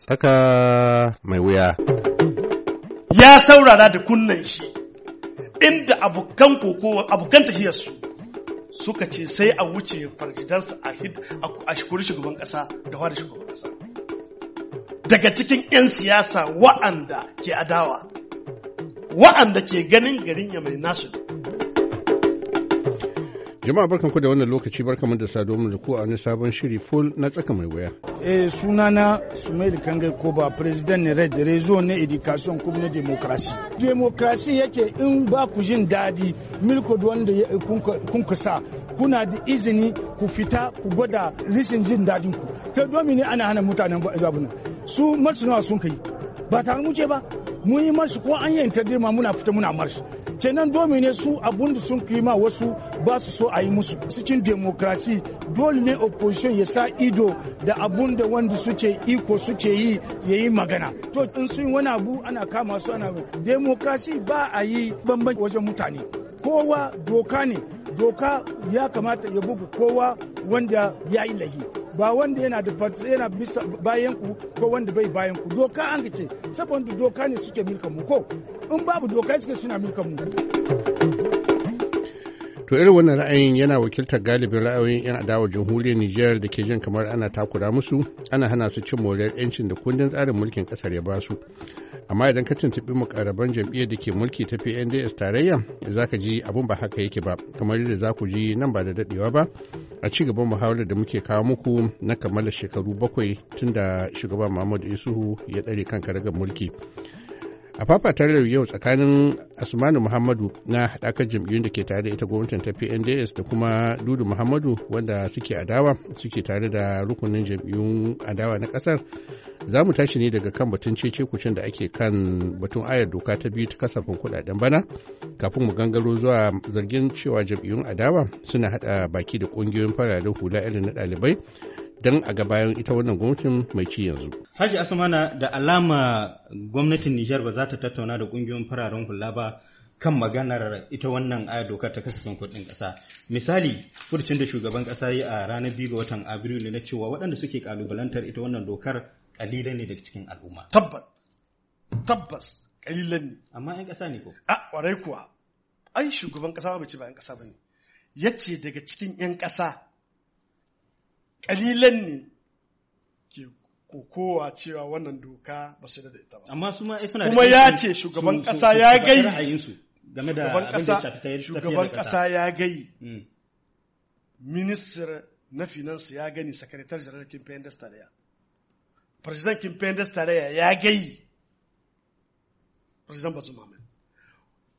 Tsaka mai wuya. Ya saurara da kunnan shi inda abokan koko abokan tahiyarsu suka ce sai a wuce farjidansa a a shikuri shugaban kasa da wada shugaban kasa. Daga cikin 'yan siyasa wa'anda ke adawa, wa'anda ke ganin garin ya mai nasu Jama'a barkanku da wannan lokaci barkamu da sado mu da ku a wani sabon shiri full na tsaka mai waya. Eh sunana Sumail Kangai ba president ne Red Rezo na Education kuma na Democracy. Democracy yake in ba ku jin dadi milko da wanda eh, kun sa, kuna da izini ku fita ku gwada rishin jin dadin ku. Ta domin ana hana mutanen zaɓuna. Su marsu nawa sun kai ba tare mu ce ba mun yi marshi ko an yi interdirma muna fita muna marshi. kenan domin ne su abun da sun kima wasu ba su so a yi musu cikin demokrasi dole ne opposition ya sa ido da abun da wanda suke iko suke yi ya yi magana to in sun wani abu ana kama su ana demokrasi ba a yi bambanci wajen mutane kowa doka ne doka ya kamata ya bugu kowa wanda ya yi lahi ba wanda yana da yana bisa bayan ku ko wanda bai bayan ku doka an gace saboda doka ne suke milkan mu ko in babu doka suke suna milkan mu To irin wannan ra'ayin yana wakiltar galibin ra'ayoyin 'yan adawar jamhuriyar Nijar da ke jin kamar ana takura musu, ana hana su cin moriyar 'yancin da kundin tsarin mulkin kasar ya basu. Amma idan ka tuntuɓi mukarraban jam'iyyar da ke mulki ta PNDS tarayya, za ka ji abun ba haka yake ba, kamar yadda za ku ji nan ba da daɗewa ba a ci gaban muhawarar da muke kawo muku na kammala shekaru bakwai tun da shugaban Muhammadu Isuhu ya tsare kan karagar mulki. a fafatarar yau tsakanin asmanu muhammadu na haɗakar jam'iyyun da ke tare da ita gwamnatin ta pnds da kuma dudu muhammadu wanda suke adawa suke tare da rukunin jam'iyyun adawa na ƙasar za mu tashi ne daga kan batun cece kucin da ake kan batun ayar doka ta biyu ta kasafin kuɗaɗen bana kafin mu gangaro zuwa zargin cewa jam'iyyun adawa suna haɗa baki da ƙungiyoyin fararen hula irin na ɗalibai don a ga bayan ita wannan gwamnatin mai ci yanzu. Haji Asmana da alama gwamnatin Nijar ba za ta tattauna da kungiyoyin fararen hula ba kan maganar ita wannan aya dokar ta kasafin kuɗin ƙasa. Misali, furcin da shugaban ƙasa yi a ranar biyu ga watan Abrilu na cewa waɗanda suke ƙalubalantar ita wannan dokar ƙalilan ne daga cikin al'umma. Tabbas, tabbas, ƙalilan ne. Amma ƴan ƙasa ne ko? A, ƙwarai kuwa. Ai, shugaban ƙasa ba ce ba ƴan ƙasa ba ne. Yace daga cikin ƴan ƙasa kalilan ne ke kokowa cewa wannan doka ba su da ita ba amma suna kuma ya ce shugaban kasa ya gai game da abin da shugaban kasa ya gai hmm. minister na finance ya gani sakaritar general kimfen da tarayya president kimfen da tarayya ya gai president ba su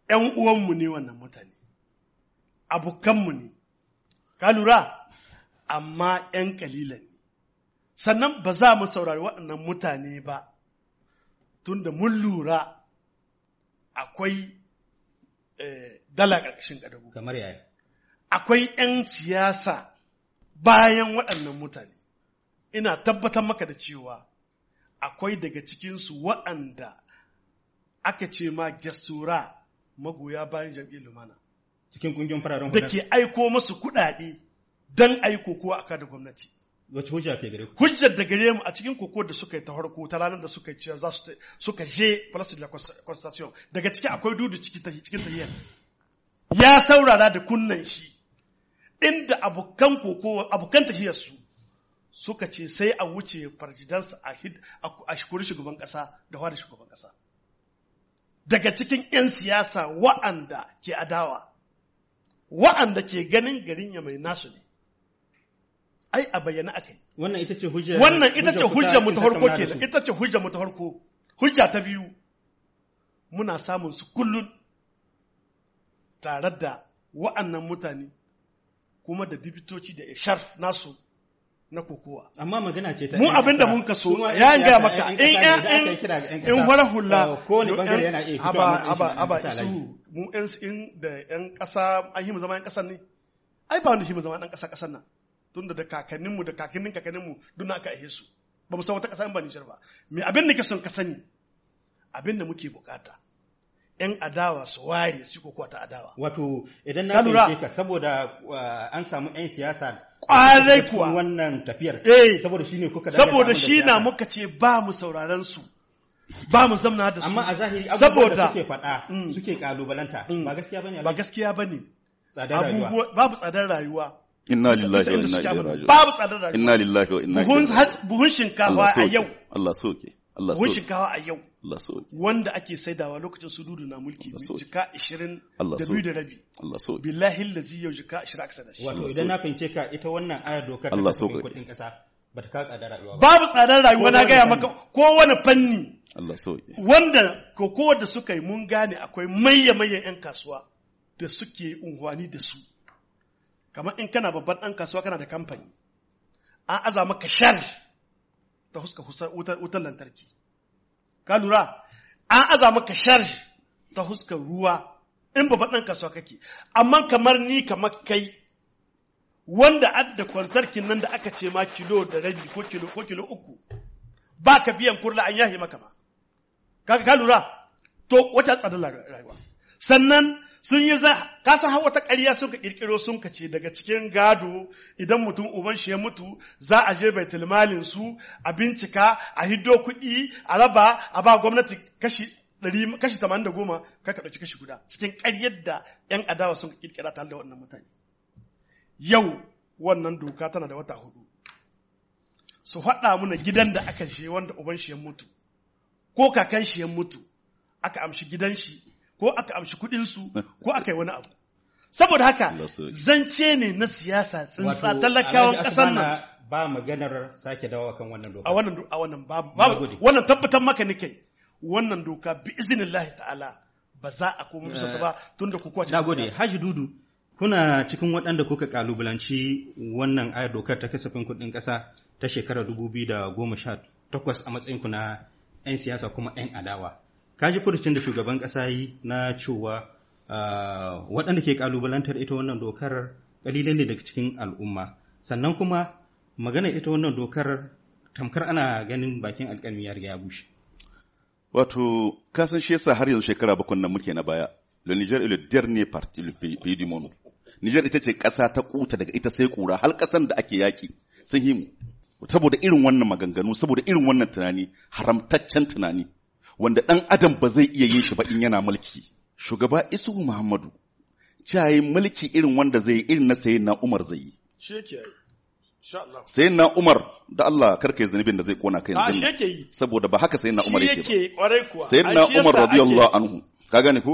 yan uwanmu ne wannan mutane abokanmu ne ka lura amma ‘yan kalilan ne, sannan ba za mu saurari waɗannan mutane ba, tunda mun lura akwai eh, dala ƙarƙashin ƙadabu. Kamar yaya. Akwai ‘yan siyasa bayan waɗannan mutane, ina tabbatar maka da cewa akwai daga cikinsu waɗanda aka ce ma gestura magoya bayan jam’i lumana. Cikin ƙungiyar fararen Da ke aiko masu kuɗaɗe. Dan a yi kokowa a kada gwamnati. Wacce hujja ke gare ku? Hujjar da gare mu a cikin kokowar da suka yi ta harko ta ranar da suka yi za su suka je Palace de la Constitution daga ciki akwai dudu cikin tahiyar. Ya saurara da kunnan shi inda abokan kokowa abokan tahiyar su suka ce sai a wuce farjidansa a shikuri shugaban kasa da wani shugaban kasa. Daga cikin 'yan siyasa wa'anda ke adawa, wa'anda ke ganin garin ya mai nasu ne. ai a bayyana akai wannan ita ce hujja wannan ita ce hujja mu ta farko kenan ita ce hujja mu ta farko hujja ta biyu muna samun su kullun tare da wa'annan mutane kuma da bibitoci da sharf nasu na kokowa. Amma magana ce ta mu abinda mun kaso ya gaya maka in in in wara hula ko ne bangare yana iya aba aba aba su mu in da yan kasa an yi mu zama yan ne ai ba wani shi mu zaman dan kasa kasan nan tunda da kakanninmu da kakannin kakanninmu duna na aka ihe su ba mu san wata ƙasa ba shirba ba me abin da ke son ka sani abin da muke bukata yan adawa su ware su kokowa ta adawa wato idan na lura ka saboda an samu yan siyasa kwarai kuwa wannan tafiyar saboda shine kuka da saboda shi na muka ce ba mu sauraron su ba mu zamna da su amma a zahiri abubuwan da suke faɗa mm. suke kalubalanta mm. ba gaskiya bane ba gaskiya bane tsadar rayuwa babu tsadar rayuwa inna lillahi wa inna ilaihi raji'un babu tsadar rayuwa inna lillahi wa inna ilaihi raji'un buhun shinkawa a yau Allah soke Allah soke buhun shinkawa a yau Allah soke wanda ake saidawa lokacin sududu na mulki jika ishirin da biyu da rabi Allah soke billahi allazi yau jika 20 aka da shi wato idan na fahimce ka ita wannan ayar dokar da take kudin kasa bata ka tsadar rayuwa ba babu tsadar rayuwa na gaya maka kowane fanni Allah soke wanda ko kowa da suka yi mun gane akwai mayya mayyan yan kasuwa da suke unhwani da su kamar in kana babban ɗan kasuwa kana da kamfani an aza maka shar ta huska wutar lantarki ka lura an aza maka shar ta huska ruwa in babban ɗan kasuwa kake amma kamar ni kamar kai wanda adda kwantarkin nan da aka ce ma kilo da rabi ko kilo ko kilo uku ba ka biyan kurla an yahi maka ba ka lura to wata tsadar rayuwa sannan sun yi za kasan har wata ƙarya sun ka ƙirƙiro sun ka ce daga cikin gado idan mutum uban shi ya mutu za a je bai su a bincika a hiddo kuɗi a raba a ba gwamnati kashi ɗari kashi tamanin da goma kai ka ɗauki kashi guda cikin ƙaryar da ‘yan adawa sun ƙirƙira ta da wannan mutane yau wannan doka tana da wata hudu su haɗa muna gidan da aka je wanda uban shi ya mutu ko kakan shi ya mutu aka amshi gidan shi ko aka amshi kuɗinsu ko aka yi wani abu saboda haka zance ne na siyasa tsinsa talakawan ƙasar nan ba maganar sake dawowa kan wannan doka a wannan a wannan babu wannan tabbatar maka nake wannan doka bi iznillahi ta'ala ba za a koma bisa ta ba eh. tunda ku kwace nagode haji dudu kuna cikin waɗanda kuka kalubalanci wannan ayar dokar ta kasafin kuɗin ƙasa ta shekarar 2018 a matsayin ku na 'yan siyasa kuma 'yan adawa kaji furucin da shugaban kasa yi na cewa waɗanda ke ƙalubalantar ita wannan dokar ƙalilan ne daga cikin al'umma sannan kuma magana ita wannan dokar tamkar ana ganin bakin alƙalmi ya riga ya bushe wato kasan shi yasa har yanzu shekara bakwai nan muke na baya le Niger est le dernier parti le pays du monde Niger ita ce ƙasa ta kuta daga ita sai kura har ƙasan da ake yaƙi sun himu saboda irin wannan maganganu saboda irin wannan tunani haramtaccen tunani wanda ɗan adam ba zai iya yin shi ba in yana mulki shugaba isu muhammadu cayi mulki irin wanda zai yi irin na sayin na umar zai yi sayin na umar da Allah karka yi zunubin da zai kona kai yanzu saboda ba haka sayin na umar yake ba sayin na umar radiyallahu anhu ka gane ko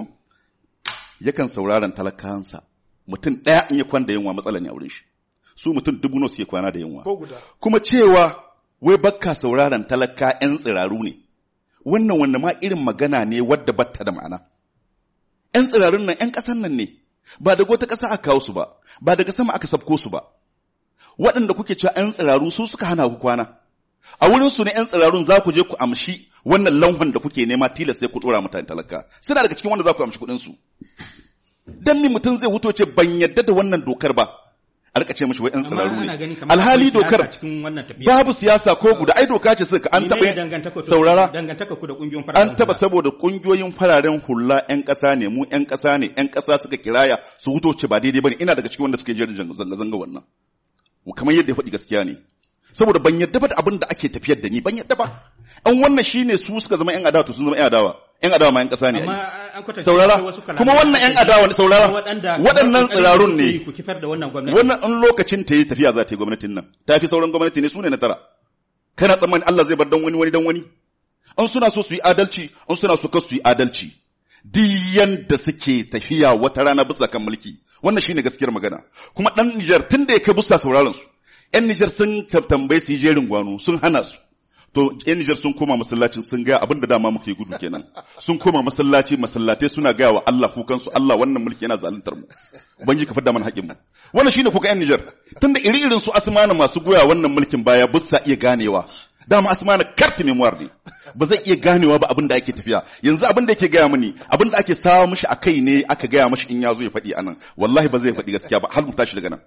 yakan sauraron talakansa mutum ɗaya in ya kwanda yunwa matsala ne a wurin shi su mutum dubu nawa suke kwana da yunwa kuma cewa wai bakka sauraron talaka yan tsiraru ne wannan wanda ma irin magana ne wadda batta da ma'ana ‘yan tsirarun nan ‘yan ƙasan nan ne ba daga wata ƙasa aka kawo su ba ba daga sama aka sabko su ba waɗanda kuke cewa ‘yan tsiraru su suka hana ku kwana a wurin su ne ‘yan tsirarun za ku je ku amshi wannan lanhon da kuke nema tilas sai ku ɗora mutane talaka suna daga cikin wanda za ku amshi kuɗinsu. su dan ni mutum zai wuto ce ban yadda da wannan dokar ba a rika ce mishi wai yan ne alhali dokar babu siyasa ko guda ai doka ce suka an taba saurara an taba saboda kungiyoyin fararen hula yan kasa ne mu yan kasa ne yan kasa suka kiraya su huto ce ba daidai bane ina daga cikin wanda suke jerin zanga zanga wannan kamar yadda ya faɗi gaskiya ne saboda ban yadda ba da abin da ake tafiyar da ni ban yadda ba an wannan shine su suka zama yan adawa to sun zama yan adawa 'yan adawa ma 'yan ƙasa ne saurara kuma wannan 'yan adawa ne saurara waɗannan tsirarun ne wannan an lokacin ta yi tafiya za ta yi gwamnatin nan ta fi sauran gwamnati ne su ne na tara kana tsammani Allah zai bar dan wani wani dan wani an suna so su yi adalci an suna so kar su yi adalci duk da suke tafiya wata rana bisa kan mulki wannan shine gaskiyar magana kuma dan Nijar tun da ya kai bisa sauraron su 'yan Nijar sun tambaye su yi jerin gwano sun hana su to yan Nijar sun koma masallacin sun gaya abin da dama muke gudu kenan sun koma masallaci masallatai suna gaya wa Allah kukan su Allah wannan mulki yana zaluntar mu banji ka fada mana haƙin mu wannan shine kuka yan Nijar tunda iri irin su asmana masu goya wannan mulkin baya bussa iya ganewa dama asmana karti memoir ne ba zai iya ganewa ba abin da ake tafiya yanzu abin da yake gaya mini abin da ake sawa mishi a kai ne aka gaya mishi in ya ya faɗi anan wallahi ba zai faɗi gaskiya ba har mu tashi daga nan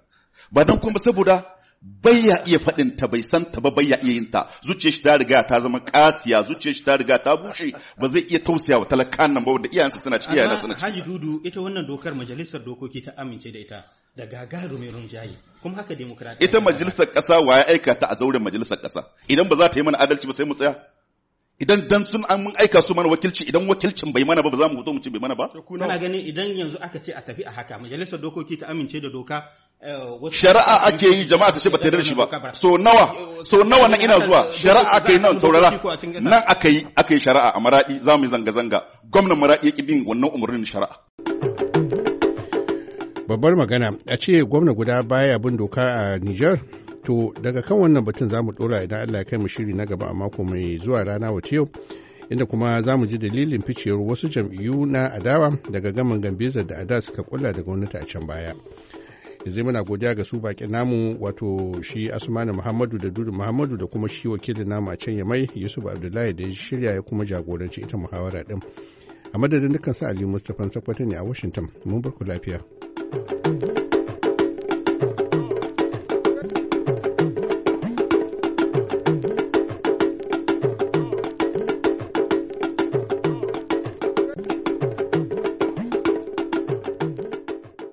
ba dan kuma saboda bai ya iya faɗin ta bai san ta ba bai ya iya yin ta zuciyar shi ta riga ta zama kasiya zuciyar shi ta riga ta bushe ba zai iya tausaya wa talakan nan ba wanda iyayensa suna ciki iyayensa suna ciki Haji Dudu ita wannan dokar majalisar dokoki ta amince da ita da mai rinjaye kuma haka demokradiyya ita majalisar ƙasa wa ya aika ta a zauren majalisar ƙasa idan ba za ta yi mana adalci ba sai mu tsaya idan dan sun an mun aika su mana wakilci idan wakilcin bai mana ba ba za mu fito mu ce bai mana ba kana gani idan yanzu aka ce a tafi a haka majalisar dokoki ta amince da doka shari'a ake yi jama'a ta ce ba ta da shi ba so nawa so nawa nan ina zuwa shari'a aka yi nan saurara nan aka yi aka yi shari'a a maradi za mu yi zanga-zanga gwamnan maradi ya bin wannan umarnin shari'a babbar magana a ce gwamna guda baya bin doka a Niger to daga kan wannan batun za mu dora idan Allah ya kai mu shiri na gaba a mako mai zuwa rana wata yau inda kuma za mu ji dalilin ficewar wasu jam'iyyu na adawa daga gaman gambizar da ada suka kulla daga wani a can baya. yanzu muna godiya ga su bakin namu wato shi asmanu muhammadu da dudu muhammadu da kuma shi wakilin namu a can ya mai yusuf abdullahi da ya shirya ya kuma jagoranci ita muhawara din a madadin dukkan sa ali mustapha sakwato ne a washington mun ku lafiya